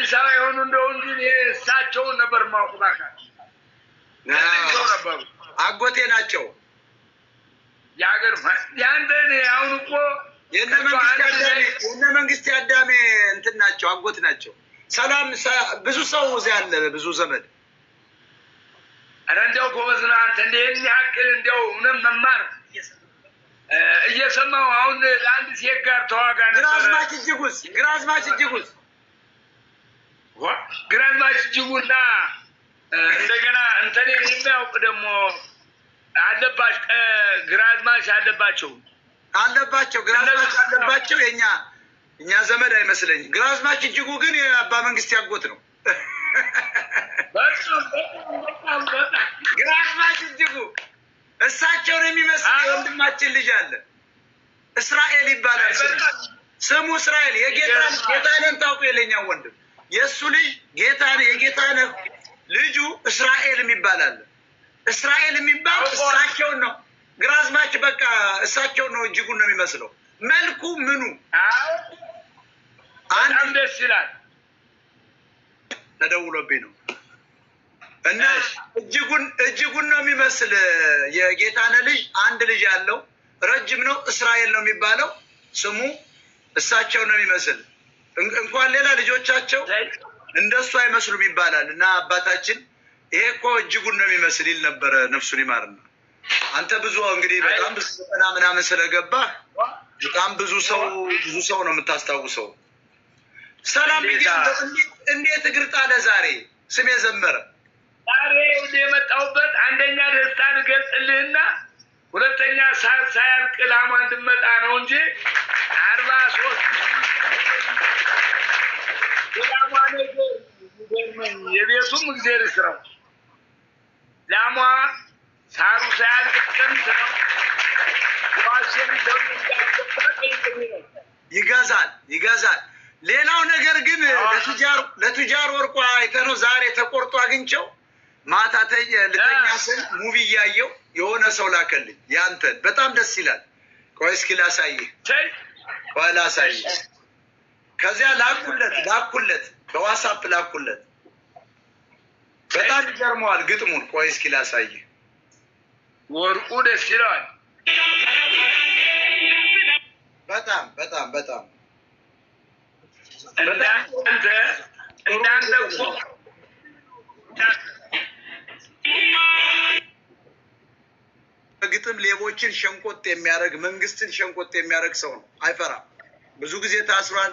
አዲስ አበባ የሆኑ እንደው እንጂ እሳቸውን ነበር ማቁባካ ነበሩ። አጎቴ ናቸው። የሀገር ያንተን አሁን እኮ የነ መንግስት አዳሜ እንትን ናቸው፣ አጎት ናቸው። ሰላም ብዙ ሰው እዚያ አለ፣ ብዙ ዘመድ። ኧረ እንዲያው ጎበዝ ነህ አንተ እንዲህን ያክል እንዲያው እውነት መማር እየሰማሁ አሁን ለአንድ ሴት ጋር ተዋጋ ነበረ። ግራዝማች እጅጉስ ግራዝማች እጅጉስ ግራዝማች እጅጉና እንደገና እንተኔ የሚያውቅ ደግሞ ግራዝማች አለባቸው አለባቸው ግራዝማች አለባቸው የኛ እኛ ዘመድ አይመስለኝም። ግራዝማች እጅጉ ግን የአባ መንግስት ያጎት ነው። ግራዝማች እጅጉ እሳቸውን የሚመስል የወንድማችን ልጅ አለ፣ እስራኤል ይባላል ስሙ። እስራኤል የጌታን ታውቁ የለኛው ወንድም የእሱ ልጅ ጌታ የጌታ ልጁ እስራኤል የሚባል አለ። እስራኤል የሚባል እሳቸውን ነው ግራዝማች በቃ እሳቸውን ነው እጅጉን ነው የሚመስለው መልኩ ምኑ አንድ ደስ ይላል። ተደውሎብኝ ነው እና እጅጉን እጅጉን ነው የሚመስል የጌታነ ልጅ አንድ ልጅ ያለው ረጅም ነው። እስራኤል ነው የሚባለው ስሙ እሳቸው ነው የሚመስል እንኳን ሌላ ልጆቻቸው እንደሱ አይመስሉም ይባላል እና አባታችን ይሄ እኮ እጅጉን ነው የሚመስል ይል ነበረ። ነፍሱን ይማርና አንተ ብዙ እንግዲህ በጣም ብዙ ዘጠና ምናምን ስለገባ በጣም ብዙ ሰው ብዙ ሰው ነው የምታስታውሰው። ሰላም እንዴት እግር ጣለ ዛሬ ስሜ ዘመረ። ዛሬ የመጣሁበት አንደኛ ደስታ ንገልጽልህና ሁለተኛ ሳያልቅ ላሟ እንድመጣ ነው እንጂ አርባ ሶስት የቤቱም እግዜር ስራው ላሟ ሳሩ ሳያልቅ ይገዛል ይገዛል። ሌላው ነገር ግን ለቱጃር ወርቋ አይተነው ዛሬ ተቆርጦ አግኝቼው ማታ ልተኛ ስል ሙቪ እያየው የሆነ ሰው ላከልኝ። ያንተን በጣም ደስ ይላል። ቆይ እስኪ ላሳይህ፣ ቆይ ላሳይህ ከዚያ ላኩለት ላኩለት በዋትሳፕ ላኩለት። በጣም ይገርመዋል ግጥሙን። ቆይ እስኪ ላሳይ። ወርቁ ደስ ይለዋል። በጣም በጣም በጣም እንዳንተ እንዳንተ ሌቦችን ሸንቆጥ የሚያደርግ መንግስትን ሸንቆጥ የሚያደርግ ሰው ነው። አይፈራም። ብዙ ጊዜ ታስሯል።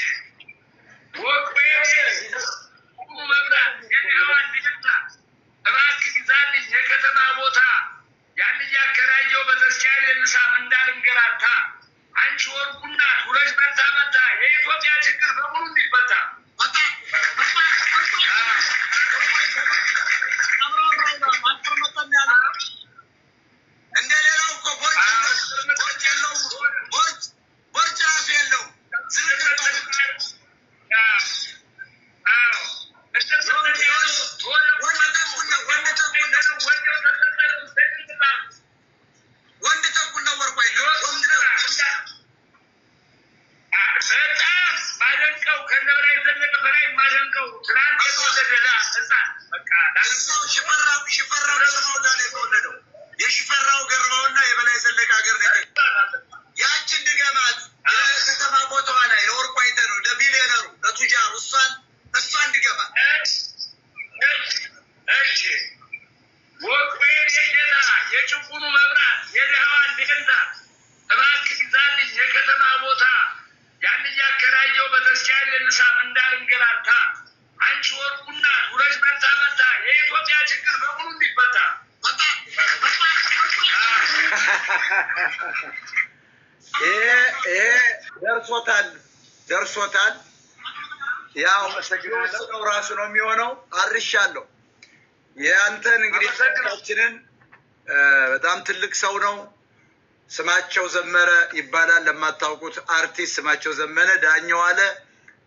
ይሄ ደርሶታል ደርሶታል። ያው የወሰደው ራሱ ነው የሚሆነው። አርሻለሁ። የአንተን እንግዲህ ችንን በጣም ትልቅ ሰው ነው። ስማቸው ዘመረ ይባላል። ለማታውቁት አርቲስት ስማቸው ዘመነ ዳኘው አለ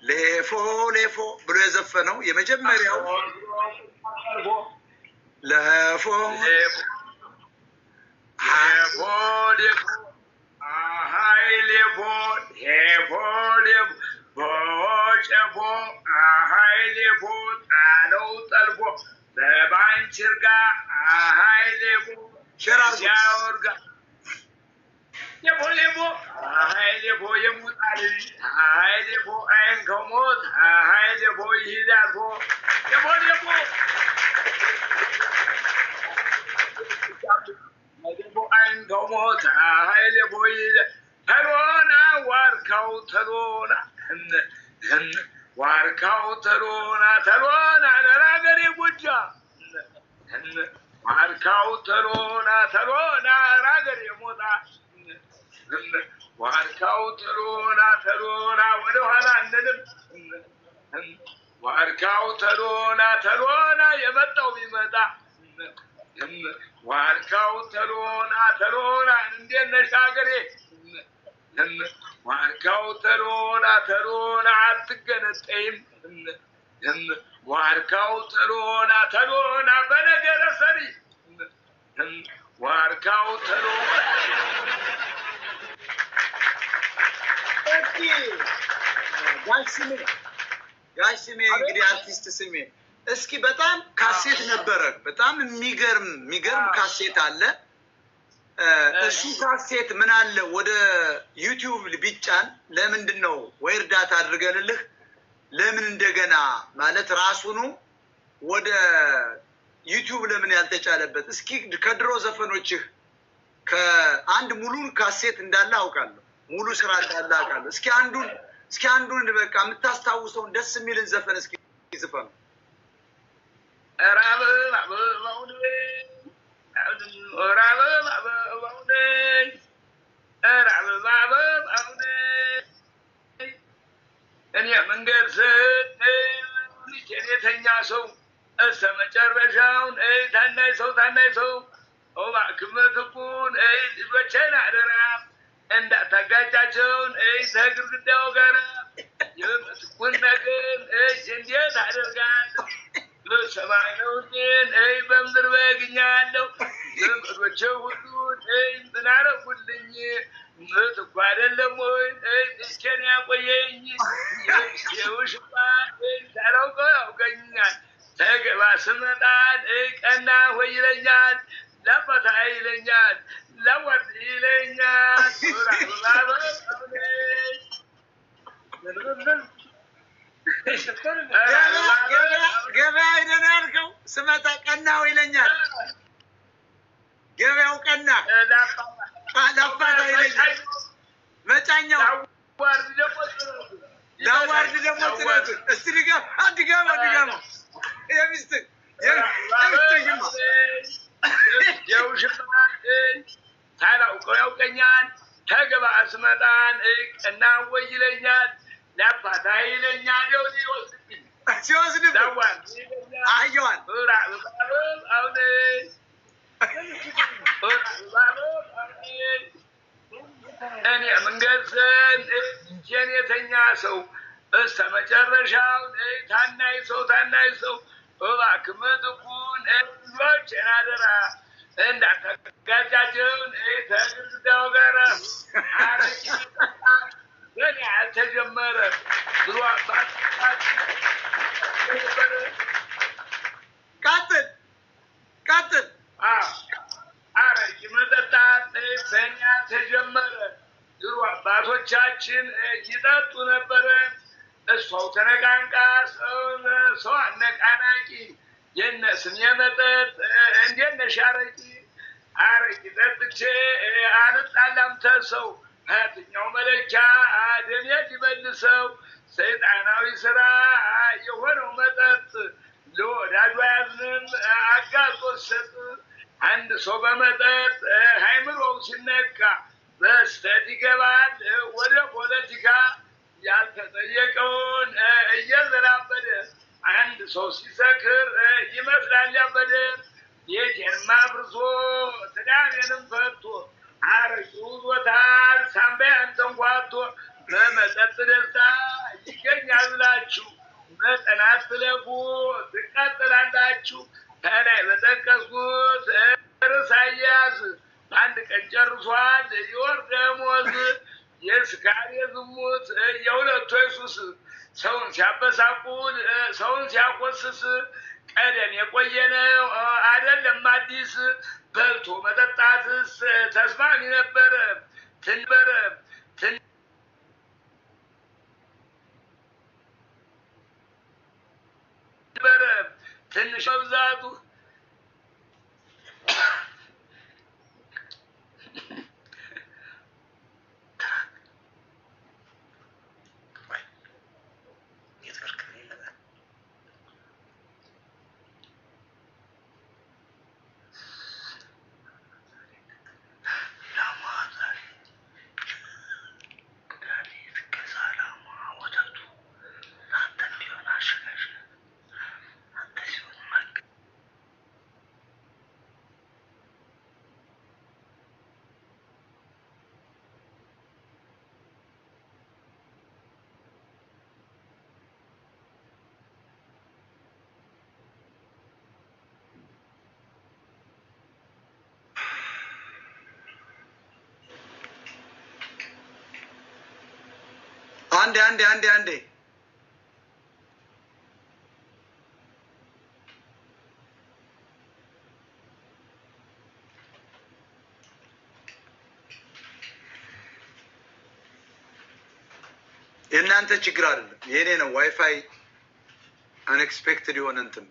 ሌፎ ሌፎ ብሎ የዘፈነው የመጀመሪያው ለፎ Heavenly, highly vote, heavenly vote, vote, highly vote, and outer vote, the Banchirga, highly vote, Sheraurga. يبو يبو هاي يبو يموت علي هاي يبو عين كموت هاي يبو يهدى يبو يبو يبو እንደሞተ ኃይል ቦይለ ተሎና ዋርካው ተሎና ዋርካው ተሎና ተሎና ለራገሬ ጎጃ ዋርካው ተሎና ተሎና ራገሬ ሞጣ ዋርካው ተሎና ተሎና ወደኋላ አንልም ዋርካው ተሎና ተሎና የመጣው ቢመጣ ዋርካው ተሎና ተሎና እንዴት ነሽ ሀገሬ? ዋርካው ተሎና ተሎና አትገነጠይም። ዋርካው ተሎና ተሎና በነገረ ሰሪ ዋርካው ተሎና ጋሽ ስሜ ጋሽ ስሜ እንግዲህ አርቲስት ስሜ እስኪ በጣም ካሴት ነበረ። በጣም የሚገርም የሚገርም ካሴት አለ። እሱ ካሴት ምን አለ ወደ ዩቲዩብ ቢጫን ለምንድን ነው ወይ እርዳታ አድርገንልህ ለምን እንደገና ማለት ራሱኑ ወደ ዩቲዩብ ለምን ያልተጫለበት? እስኪ ከድሮ ዘፈኖችህ ከአንድ ሙሉን ካሴት እንዳለ አውቃለሁ፣ ሙሉ ስራ እንዳለ አውቃለሁ። እስኪ አንዱን እስኪ አንዱን በቃ የምታስታውሰውን ደስ የሚልን ዘፈን እስኪ ዝፈነው። እኔ መንገድ ስንልጅ እኔ ሰው እስከ ታናይ ሰው ታናይ ሰው ኦባ ክመትኩን እይ ልጆቼን አደራ እንዳታጋጫቸውን እይ ተግርግዳው ጋራ የምትኩን ነገር እይ እንዴት አደርጋለሁ ሰማይነውቴን እይ በምድር በግኛ ያለው ዘመዶቸው ሁሉ እይ ምናረጉልኝ ምትኳ አይደለም ወይ እይ ምስኪን ያቆየኝ የውሽባ ታላውቀው ያውቀኛል ተገባ ስመጣል እይ ቀና ወይ ይለኛል ለፈታ ይለኛል ሲመጣን እና ወይ ይለኛል ለአባታ ይለኛል ው ይወስድብኝ ሲወስድብኝ አህየዋል እኔ ምንገዘን የኔተኛ ሰው እስከ መጨረሻው ታናይ ሰው ታናይ ሰው እባክህ ምጥቁን ልጆቼን አደራ እንዳታጋጫቸውን ከግድግዳው ጋር አረቂ ገና ያልተጀመረ ብሎ አባት ቀጥል ቀጥል አረቂ መጠጣት ተኛ ተጀመረ። ድሮ አባቶቻችን ይጠጡ ነበረ። እሷው ተነቃንቃ ሰው አነቃናቂ የነስን የመጠጥ እንዴት ነሽ አረቂ አረቂ ጠጥቼ አልጣላም ተሰው የትኛው መለኪያ ደሜ ሊመልሰው ሰይጣናዊ ስራ የሆነው መጠጥ ለወዳጁ አያዝንም አጋዞ ሰጥ አንድ ሰው በመጠጥ ሃይምሮው ሲነካ በስተት ይገባል ወደ ፖለቲካ ያልተጠየቀውን እየዘላበደ አንድ ሰው ሲሰክር ይመስላል ያበደ የጤንማ ብርሶ ትዳሜንም ፈቶ አረቂ ውዞታል ሳምባያን ተንኳቶ በመጠጥ ደስታ ይገኛል ብላችሁ መጠናት ትለፉ ትቀጥላላችሁ። ከላይ በጠቀስኩት ርዕሰ አያያዝ በአንድ ቀን ጨርሷል የወር ደሞዝ የስካር የዝሙት የሁለቱ ሱስ ሰውን ሲያበሳቁ! ሰውን ሲያቆስስ ቀደም የቆየነ አይደለም አዲስ በልቶ መጠጣትስ ተስማሚ ነበረ ትንበረ ትንሽ መብዛቱ አንዴ አንዴ አንዴ አንዴ የእናንተ ችግር አይደለም፣ የእኔ ነው። ዋይፋይ አንኤክስፔክትድ የሆነ እንትን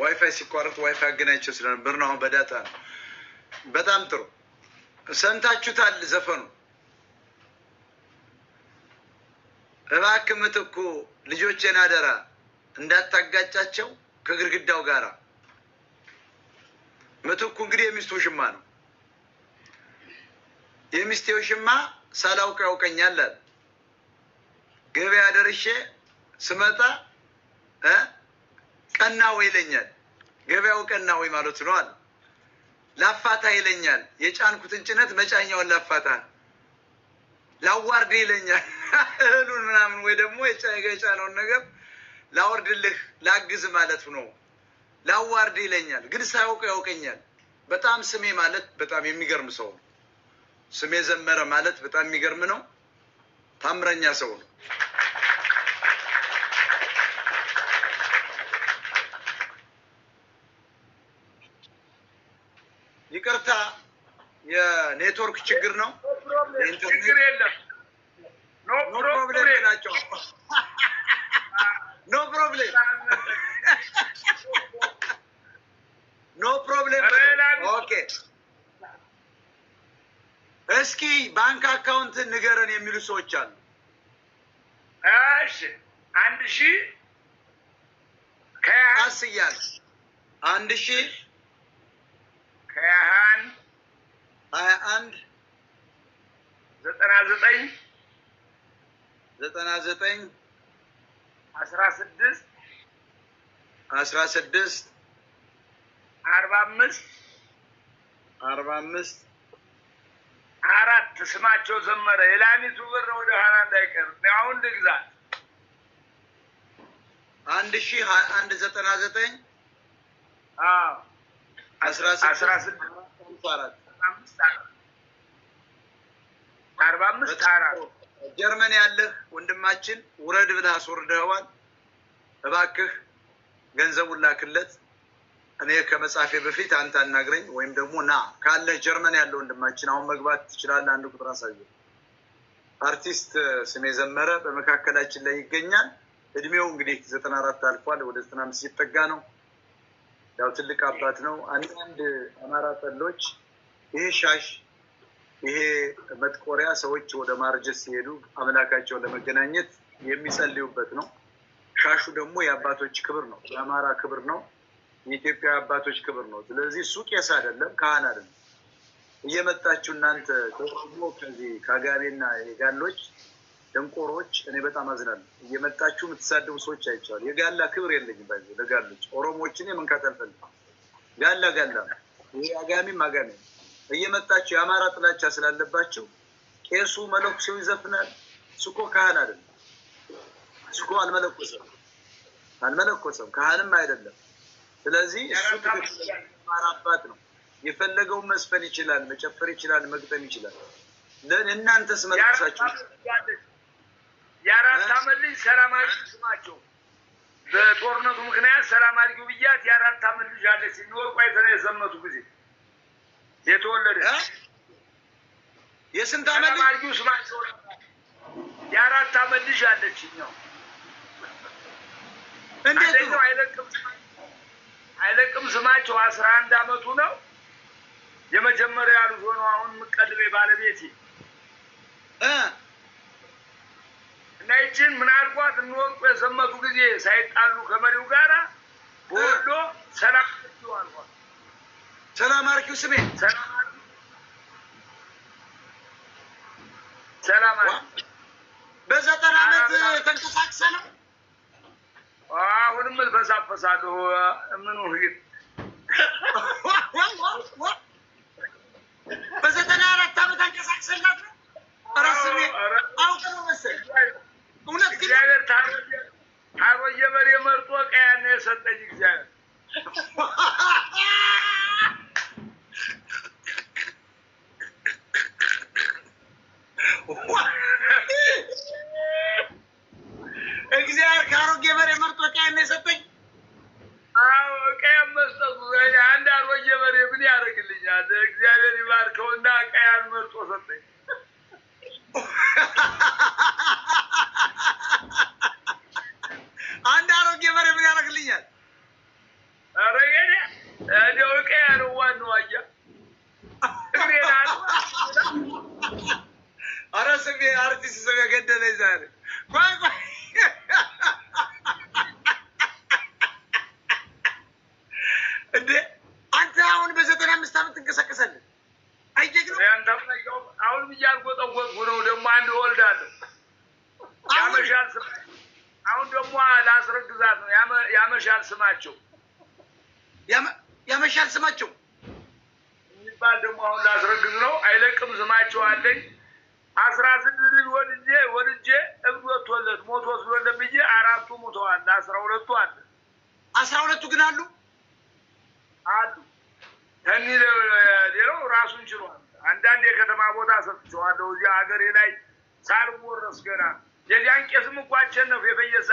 ዋይፋይ ሲቋረጥ ዋይፋይ አገናኝቸው ስለነበር ነው። አሁን በዳታ ነው። በጣም ጥሩ ሰምታችሁታል ዘፈኑ እባክህ ምትኩ ልጆቼን አደራ እንዳታጋጫቸው ከግድግዳው ጋራ። ምትኩ እንግዲህ የሚስቱ ውሽማ ነው። የሚስቴ ውሽማ ሳላውቅ ያውቀኛል። ገበያ ደርሼ ስመጣ ቀና ወይ ይለኛል። ገበያው ቀና ወይ ማለት ነው አለ። ላፋታ ይለኛል። የጫንኩትን ጭነት መጫኛውን ላፋታ ላዋርድ ይለኛል እህሉን ምናምን ወይ ደግሞ የጫነውን ነገር ላወርድልህ ላግዝ ማለት ነው። ላዋርድ ይለኛል፣ ግን ሳያውቅ ያውቀኛል። በጣም ስሜ ማለት በጣም የሚገርም ሰው ነው። ስሜ ዘመረ ማለት በጣም የሚገርም ነው። ታምረኛ ሰው ነው። ይቅርታ የኔትወርክ ችግር ነው። ችግር የለም። ኖ ፕሮብሌም ናቸው። ኖ ፕሮብሌም ኖ ፕሮብሌም። እስኪ ባንክ አካውንት ንገረን የሚሉ ሰዎች አሉ። እሺ አንድ ሺህ ከያስ እያለ አንድ ሺህ ሀያ አንድ ዘጠና ዘጠኝ ዘጠና ዘጠኝ አስራ ስድስት አስራ ስድስት አርባ አምስት አርባ አምስት አራት ስማቸው ዘመረ። የላሚቱ ብር ወደ ኋላ እንዳይቀር አሁን ልግዛት። አንድ ሺ አንድ ዘጠና ዘጠኝ አስራ ስድስት አራት አርባ አምስት አራት ጀርመን ያለህ ወንድማችን ውረድ ብለህ አስወርደዋል። እባክህ ገንዘቡን ላክለት። እኔ ከመጻፌ በፊት አንተ አናግረኝ ወይም ደግሞ ና ካለህ ጀርመን ያለ ወንድማችን አሁን መግባት ትችላለህ። አንድ ቁጥር አሳየ አርቲስት ስሜ ዘመረ በመካከላችን ላይ ይገኛል። እድሜው እንግዲህ ዘጠና አራት አልፏል፣ ወደ ዘጠና አምስት ሲጠጋ ነው። ያው ትልቅ አባት ነው። አንዳንድ አማራ ጠሎች ይሄ ሻሽ ይሄ መጥቆሪያ ሰዎች ወደ ማርጀት ሲሄዱ አምላካቸውን ለመገናኘት የሚጸልዩበት ነው። ሻሹ ደግሞ የአባቶች ክብር ነው፣ የአማራ ክብር ነው፣ የኢትዮጵያ አባቶች ክብር ነው። ስለዚህ እሱ ቄስ አይደለም፣ ካህን አይደለም። እየመጣችሁ እናንተ ተሞ ከዚህ ከአጋቤና የጋሎች ደንቆሮች፣ እኔ በጣም አዝናለሁ። እየመጣችሁ የምትሳደቡ ሰዎች አይቻሉ። የጋላ ክብር የለኝም ለጋሎች። ኦሮሞዎችን መንካት አልፈልግም። ጋላ ጋላ ነው። ይሄ አጋሚም አጋሚ እየመጣችሁ የአማራ ጥላቻ ስላለባቸው ቄሱ መለኩሴው ይዘፍናል። ስኮ ካህን አይደለም። ስኮ አልመለኮሰም አልመለኮሰም ካህንም አይደለም። ስለዚህ እሱ አማራ አባት ነው። የፈለገውን መስፈን ይችላል፣ መጨፈር ይችላል፣ መግጠም ይችላል። እናንተስ መለኮሳችሁ የአራት አመት ልጅ ሰላም አድርጊው ስማቸው በጦርነቱ ምክንያት ሰላም አድርጊው ብያት የአራት አመት ልጅ አለች። ወርቋ የዘመቱ ጊዜ የተወለደ የስንት አመት ልጅ? የአራት አመት ልጅ አለችኛው። እንዴት ነው አይለቅም? አይለቅም ስማቸው አስራ አንድ አመቱ ነው። የመጀመሪያ ልጅ ሆኖ አሁን የምቀልቤ ባለቤቴ እና ይችን ምን አልኳት፣ እንወርቁ የሰመቱ ጊዜ ሳይጣሉ ከመሪው ጋራ በወሎ ሰላም አልኳት። ሰላም አርኪው ስሜ በዘጠና ዓመት ተንቀሳቅሰ ነው። አሁንም ልፈሳፈሳለሁ። ምኑ በዘጠና ኧረ ስሜ አርቲስት ስሜ ገደለኝ ዛሬ። ቆይ ቆይ እንዴ አንተ አሁን በዘጠና አምስት ዓመት ትንቀሳቀሳለህ? አይጀግ ነው አሁን ብያልኩ ነው። ደግሞ አንድ እወልዳለሁ አሁን ደግሞ ላስረግዛት ነው ያመሻል። ስማቸው ያመሻል ስማቸው የሚባል ደግሞ አሁን ላስረግዝ ነው። አይለቅም ስማቸው አለኝ አስራ ስድስት ልጅ ወልጄ ወልጄ እብድ ወጥቶለት ሞቶ ወስዶለት ብዬ አራቱ ሙተዋል። አስራ ሁለቱ አለ አስራ ሁለቱ ግን አሉ አሉ ከኒ ሌላው ራሱን ችሏል። አንዳንድ የከተማ ቦታ ሰጥቼዋለሁ። እዚህ ሀገሬ ላይ ሳልወረስ ገና የዚያን ቄስም እኮ አቸነፍ የፈየሳ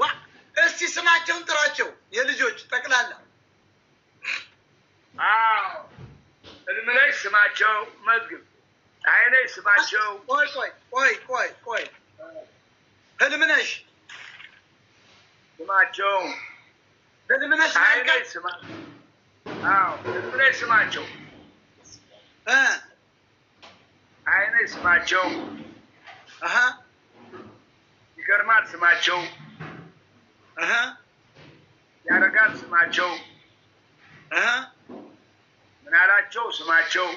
ዋ እስቲ ስማቸውን ጥራቸው የልጆች ጠቅላላ ህልም ላይ ስማቸው መዝግብ፣ ፀሐይ ላይ ስማቸው። ቆይ ቆይ ቆይ ቆይ ህልም ነሽ ስማቸው፣ ህልም ነሽ ላይ ስማቸው፣ ህልም ላይ ስማቸው፣ ፀሐይ ላይ ስማቸው። ይገርማል ስማቸው፣ ያረጋል ስማቸው ምናላቸው ስማቸው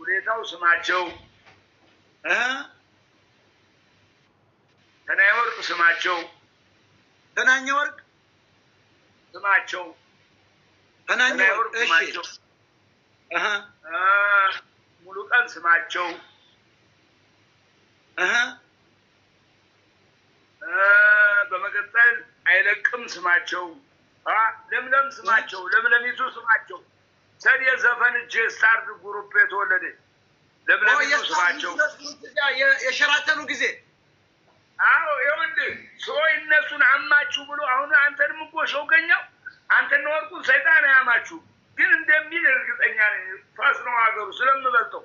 ሁኔታው ስማቸው ተናየ ወርቅ ስማቸው ተናኘ ወርቅ ስማቸው ተናኘ ወርቅ ስማቸው ሙሉ ቀን ስማቸው በመቀጠል አይለቅም ስማቸው ለምለም ስማቸው ለምለሚቱ ስማቸው ሰድ ዘፈን እጅ ስታርድ ጉሩፕ የተወለደ ለምለሚቱ ስማቸው የሸራተኑ ጊዜ አዎ ይኸውልህ ሰዎች እነሱን አማችሁ ብሎ አሁን አንተንም እኮ ሸውገኛው አንተና ወርቁን ሰይጣን አያማችሁ ግን እንደሚል እርግጠኛ ነኝ። ፋስ ነው ሀገሩ ስለምበልጠው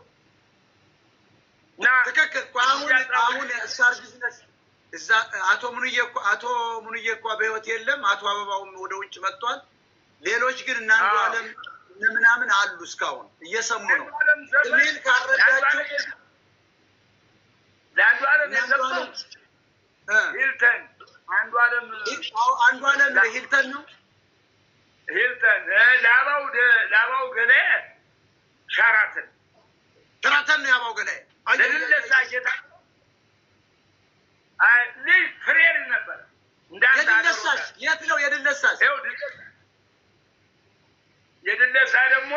ትክክል። አሁን አሁን ስታር ቢዝነስ እዛ አቶ ሙኑዬ እኮ አቶ ሙኑዬ እኳ በህይወት የለም። አቶ አበባውም ወደ ውጭ መጥቷል። ሌሎች ግን እና አንዱ አለም ምናምን አሉ እስካሁን እየሰሙ ነው። ኢሜል ካረዳቸው አለም ሂልተን አንዱ አለም ሂልተን ነው ሂልተን ላባው ላባው ገለ ሸራተን ሸራተን ነው ያባው ገለ ለልለሳ ጌታ ልጅ ፍሬድ ነበር። የድለሳሽ የት ነው? የድለሳሽ የድለሳ ደግሞ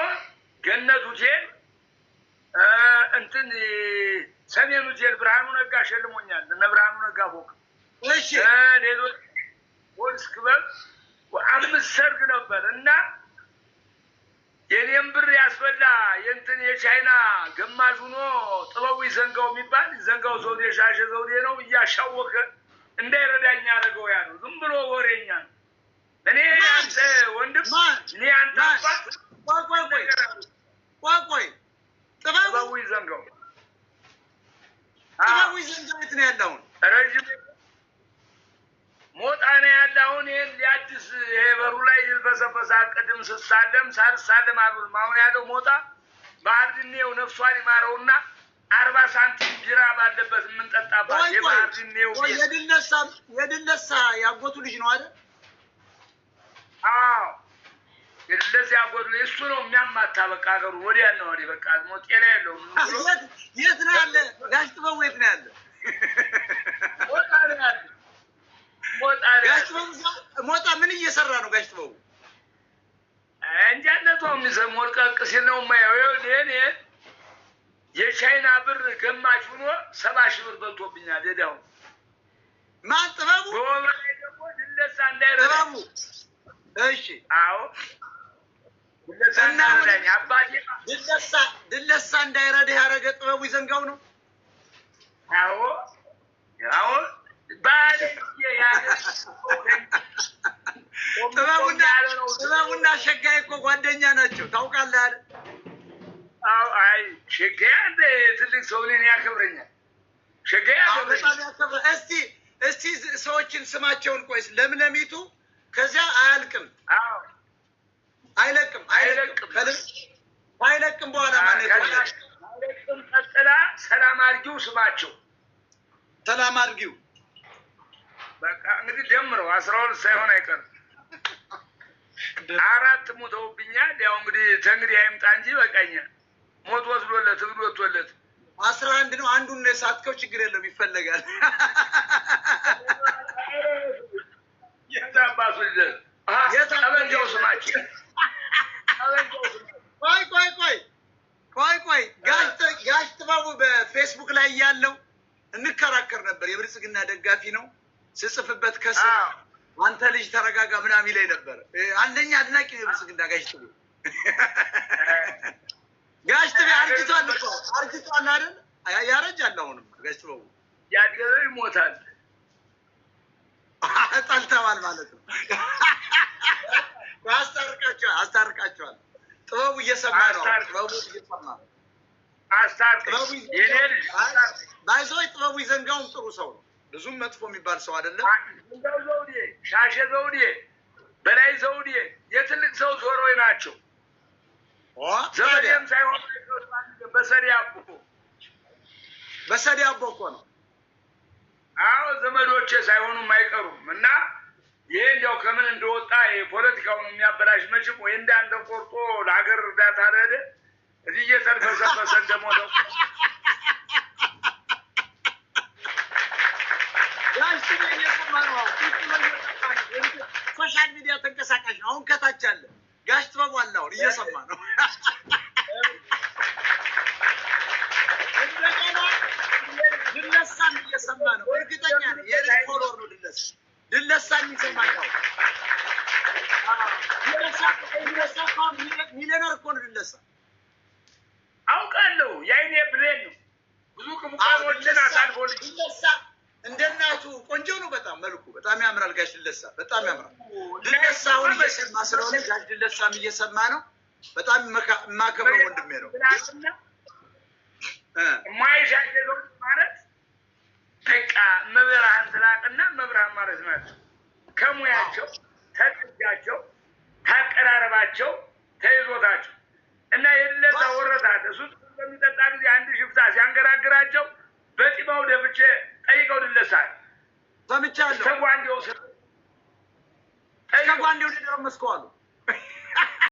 ገነት ሆቴል እንትን ሰሜን ሆቴል ብርሃኑ ነጋ ሸልሞኛል። እነ ብርሃኑ ነጋ ፎቅ ሌሎች ፖሊስ ክበብ አምስት ሰርግ ነበር እና የኔም ብር ያስበላ የእንትን የቻይና ግማሽ ሁኖ ጥበዊ ዘንጋው የሚባል ዘንጋው ዘውዴ ሻሸ ዘውዴ ነው እያሻወቀ እንዳይረዳኝ አድርገው ያሉ ዝም ብሎ ወሬኛ ነው። እኔ አንተ ወንድም እኔ አንተ ቆይ ጥበቡ ዘንጋው ጥበዊ ዘንጋው የት ነው ያለውን ረዥም ሞጣ ነው ያለ። አሁን ይህ አዲስ ይሄ በሩ ላይ ይልፈሰፈሳ ቅድም ስሳለም ሳልሳለም አሉልም። አሁን ያለው ሞጣ ባህር ድኔው ነፍሷን ይማረውና አርባ ሳንቲም ቢራ ባለበት የምንጠጣባት የባህር ድኔው የድለሳ ያጎቱ ልጅ ነው አይደል? አዎ የድለሳ ያጎቱ እሱ ነው የሚያማታ። በቃ ሀገሩ ወዲያ ነው ወዲህ በቃ ሞ ጤና የለውም። የት ነው ያለ? ጋሽ ጥበቡ የት ነው ያለ? ሞጣ ነው ያለ ሞጣ ምን እየሰራ ነው? ጋሽ ጥበቡ እንጃነቷ የሚዘም ወርቀቅ ሲል ነው የማየው። እኔ የቻይና ብር ገማች ሆኖ ሰባ ሺህ ብር በልቶብኛል። ሄዳው ማን ጥበቡ ግለሳ እንዳይረዳኝ። እሺ አዎ ግለሳ እንዳይረዳህ ያደረገ ጥበቡ ይዘንጋው ነው። አዎ አዎ ባል ጥበቡና ሸጋዬ እኮ ጓደኛ ናቸው። ታውቃለህ? አይ ሸጋዬ አንድ ትልቅ ሰው እኔን ያከብረኛል። ሸጋዬ እስቲ እስቲ ሰዎችን ስማቸውን ቆይስ ለምለሚቱ፣ ከዚያ አያልቅም፣ አይለቅም፣ አይለቅም፣ አይለቅም። በኋላ ማለት ቀጥላ ሰላም አድርጊው ስማቸው ሰላም አድርጊው በቃ እንግዲህ ጀምሮ አስራ ሁለት ሳይሆን አይቀርም። አራት ሙተውብኛል። ያው እንግዲህ ተእንግዲህ አይምጣ እንጂ በቃኛል። ሞት ወስዶለት እግድ ወጥቶለት አስራ አንድ ነው። አንዱን ነው የሳትከው። ችግር የለውም ይፈለጋል። የታባሱ ቆይ ቆይ ቆይ ቆይ ቆይ ጋሽ ጥበቡ በፌስቡክ ላይ ያለው እንከራከር ነበር። የብልጽግና ደጋፊ ነው ስጽፍበት ከስ አንተ ልጅ ተረጋጋ ምናምን ይለኝ ነበር። አንደኛ አድናቂ ብልጽግና ጋሽ ጥቤ ጋሽ ጥቤ አርጅቷል አርጅቷል አይደል? ያረጃል። አሁንም ጋሽ ጥበቡ ያድገበው ይሞታል። ጠልተዋል ማለት ነው። አስታርቃቸዋል አስታርቃቸዋል። ጥበቡ እየሰማ ነው። ጥበቡ እየሰማ ነው። ጥበቡ ይዘንጋውም ጥሩ ሰው ነው። ብዙም መጥፎ የሚባል ሰው አይደለም። እንዳው ዘውዴ፣ ሻሸ ዘውዴ፣ በላይ ዘውዴ የትልቅ ሰው ዞሮ ናቸው። ዘመዴም ሳይሆን በሰዲ አቦ በሰዲ አቦ እኮ ነው። አዎ ዘመዶቼ ሳይሆኑም አይቀሩም። እና ይሄ እንዲያው ከምን እንደወጣ ፖለቲካውን የሚያበላሽ መችም ወይ እንዳንተ ቆርጦ ለሀገር እርዳታ ረደ እዚህ እየተልፈሰፈሰ እንደሞተው ሶሻል ሚዲያ ተንቀሳቃሽ ነው። አሁን ከታች አለ ጋሽ ጥበቡ አለ። እየሰማ ነው። እንደገና ድለሳም እየሰማ ነው። እርግጠኛ ነው የሬድ ፎሎወር ነው ድለስ ድለሳም ይሰማል። ሚሊዮነር እኮ ነው ድለሳ። አውቃለሁ የአይኔ ብሌን ነው ብዙ ቅሙቃኖችን አሳልፎ ልጅ እንደ እናቱ ቆንጆ ነው። በጣም መልኩ በጣም ያምራል። ጋሽ ድለሳ በጣም ያምራል። ድለሳውን እየሰማ ስለሆነ ጋሽ ድለሳም እየሰማ ነው። በጣም የማከብረው ወንድሜ ነው። የማይሻገሩት ማለት በቃ መብርሃን ትላቅና መብርሃን ማለት ናቸው። ከሙያቸው ተጥጃቸው ታቀራረባቸው፣ ተይዞታቸው እና የድለሳ ወረታ እሱ በሚጠጣ ጊዜ አንድ ሽፍታ ሲያንገራግራቸው በጢባው ደብቼ ጠይቀው ድለሳል ሰምቻለሁ። ከጓንዴው ተጓንዴው ደረመስከዋሉ